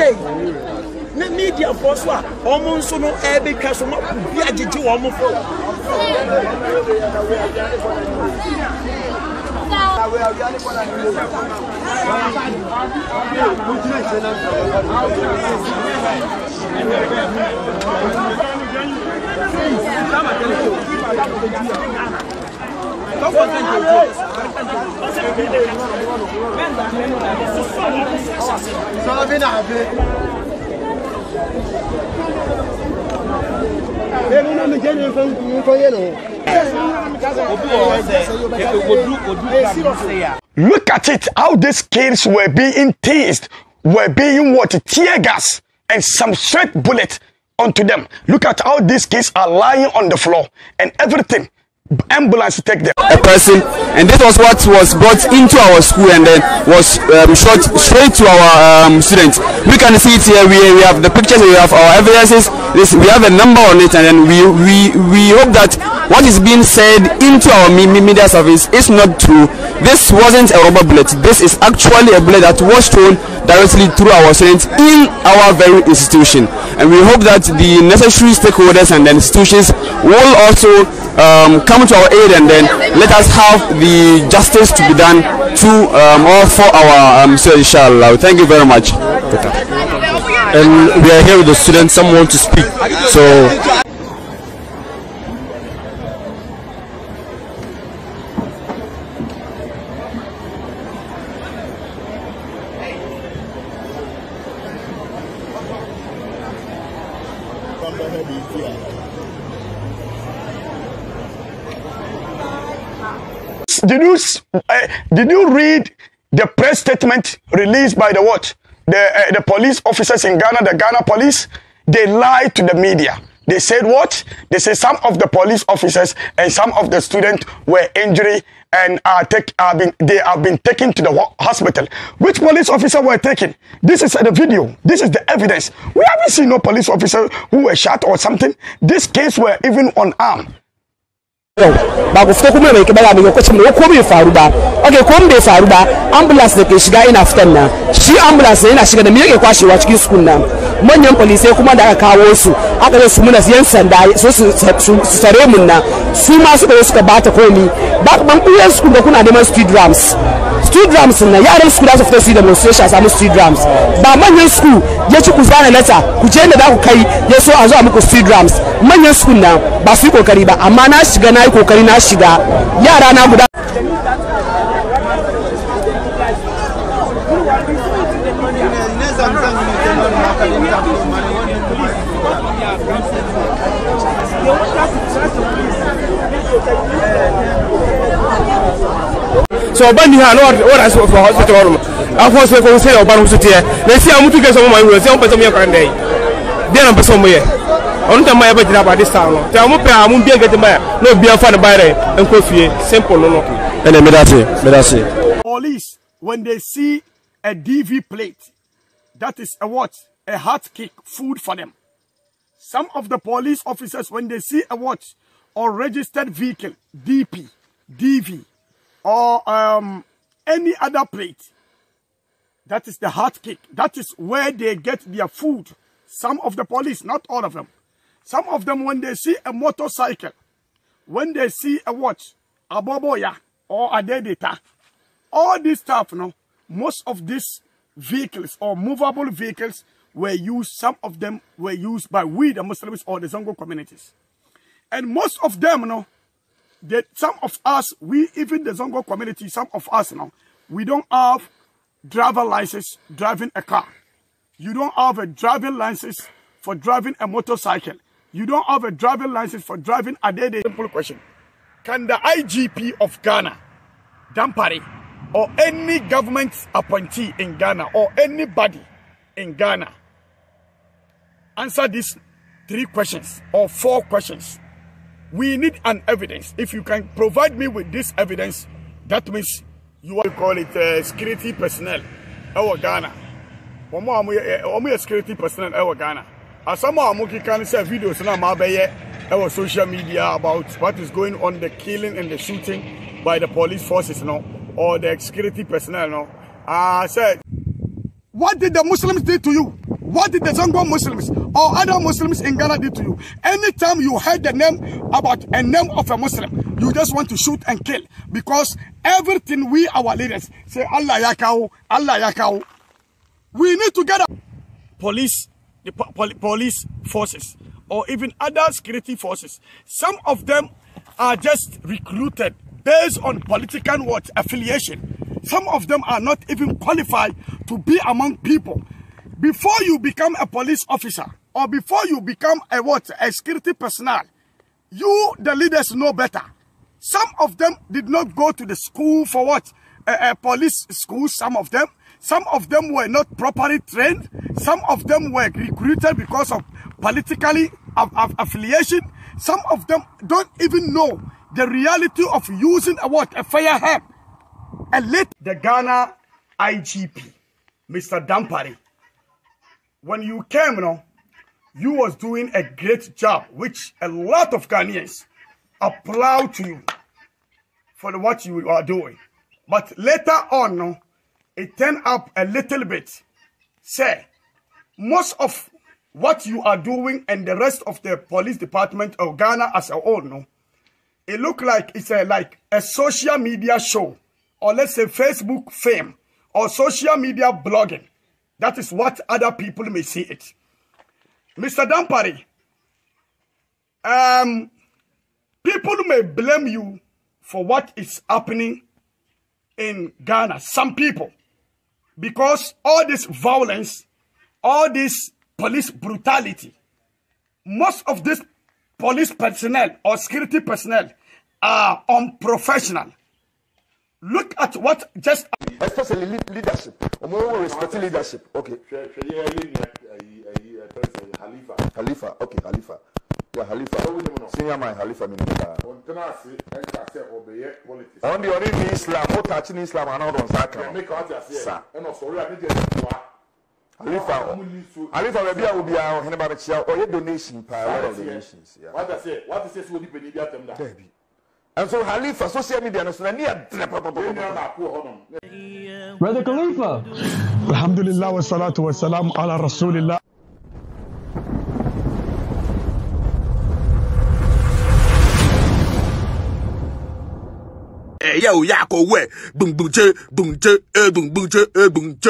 dɛ ne mediafoɔ so a ɔmo nso no ɛbɛtwa so ma obi agyegye wɔn mo fo. Don't forget to do this. Look at it how these kids were being teased were being what tear gas and some straight bullet onto them. Look at how these kids are lying on the floor and everything. ambulance to take them. A person, and this was what was brought into our school and then was um, shot straight to our um, students. We can see it here. We, we have the pictures. We have our evidences. This, we have a number on it, and then we we we hope that what is being said into our media service is not true. This wasn't a rubber bullet. This is actually a bullet that was thrown directly through our students in our very institution. And we hope that the necessary stakeholders and the institutions will also um, come to our aid and then let us have the justice to be done to um, for our um, so inshallah. Thank you very much. And we are here with the students. Some want to speak. So Yeah. did you uh, did you read the press statement released by the what the uh, the police officers in Ghana, the Ghana police? They lied to the media. They said what? They said some of the police officers and some of the students were injured and are take, are been, they have been taken to the hospital. Which police officer were taken? This is the video. This is the evidence. We haven't seen no police officer who were shot or something. This case were even unarmed. yau ba ku fita kuma mai kibara mai lokacin da ko bai faru ba ok ko bai faru ba ambulance da ke shiga ina fitan na shi ambulance yana shiga da me yake kwashewa cikin sukun na manyan polisai kuma da aka kawo su aka yi su muna yan sanda su sare mun na su ma suka zo suka bata komi ba ban kuyen sukun da kuna neman street drums steel drums na yaran school da su fita su yi demonstration a samu steel drums ba manyan school ya ci ku zana lata ku je da za ku kai ya so a zuwa muku steel drums manyan school na ba su yi kokari ba amma na shiga na yi kokari na shiga yara na guda Yeah, so ba ni ha no what as for hospital room afọ so ko se oba no so tie na si amutu ke so mo mo se on pese mo ye kan dai dia na pese mo ye on ta ma ye ba jira ba this town no ta mo pe amu bi get ma no bi afa na ba re en ko fie simple no no ene me that me that police when they see a dv plate that is a what a hot kick food for them some of the police officers when they see a what or registered vehicle dp dv or um, any other plate. That is the hot cake. That is where they get their food. Some of the police, not all of them. Some of them, when they see a motorcycle, when they see a watch, a boboya, or a debita, all this stuff, you know, most of these vehicles or movable vehicles were used, some of them were used by we, the Muslims or the Zongo communities. And most of them, you know, that some of us, we even the Zongo community, some of us now, we don't have driver license driving a car. You don't have a driving license for driving a motorcycle. You don't have a driving license for driving a day. -day. Simple question. Can the IGP of Ghana, Dampari, or any government appointee in Ghana, or anybody in Ghana, answer these three questions or four questions? We need an evidence. If you can provide me with this evidence, that means you are call it uh, security personnel. Our Ghana. Omo eh, security personnel our Ghana. As Asama who can say videos on our social media about what is going on the killing and the shooting by the police forces no or the security personnel no. I ah, said what did the Muslims do to you? What did the Zongo Muslims or other Muslims in Ghana do to you? Anytime you heard the name about a name of a Muslim, you just want to shoot and kill. Because everything we, our leaders, say Allah yakao, Allah yakao. We need to get up. Police, the po pol police forces, or even other security forces. Some of them are just recruited based on political what affiliation. Some of them are not even qualified to be among people. Before you become a police officer or before you become a what? A security personnel, you, the leaders, know better. Some of them did not go to the school for what? A, a police school, some of them. Some of them were not properly trained. Some of them were recruited because of politically of, of affiliation. Some of them don't even know the reality of using a what? A fire help. And let the Ghana IGP, Mr. Dampari, when you came, you know, you was doing a great job, which a lot of Ghanaians applaud to you for what you are doing. But later on, no, it turned up a little bit. Say, most of what you are doing and the rest of the police department of Ghana as a whole, no, it look like it's a, like a social media show or let's say Facebook fame or social media blogging. That is what other people may see it. Mr. Dampari, um, people may blame you for what is happening in Ghana. Some people. Because all this violence, all this police brutality, most of this police personnel or security personnel are unprofessional. Look at what just. Especially leadership. Omo we respect leadership. Okay. Halifa. Halifa. Okay, Halifa. Yeah, Halifa. Senior man, Halifa minister. On the only Islam, what touching Islam and all on Saka. Sir. Halifa. Halifa will be a will be a Henry Babichia or your donation. What I say? What I say? What I say? What I say? nso halifa social media no so n'ani adrɛ pɔpɔpɔpɔ. brother khalifa. alhamdulilah wasalatu wasalam ala rasulillah. ɛyɛ o y'a kɔ wɛ gbungbun tse gbungbun tse e gbungbun tse e gbungbun tse.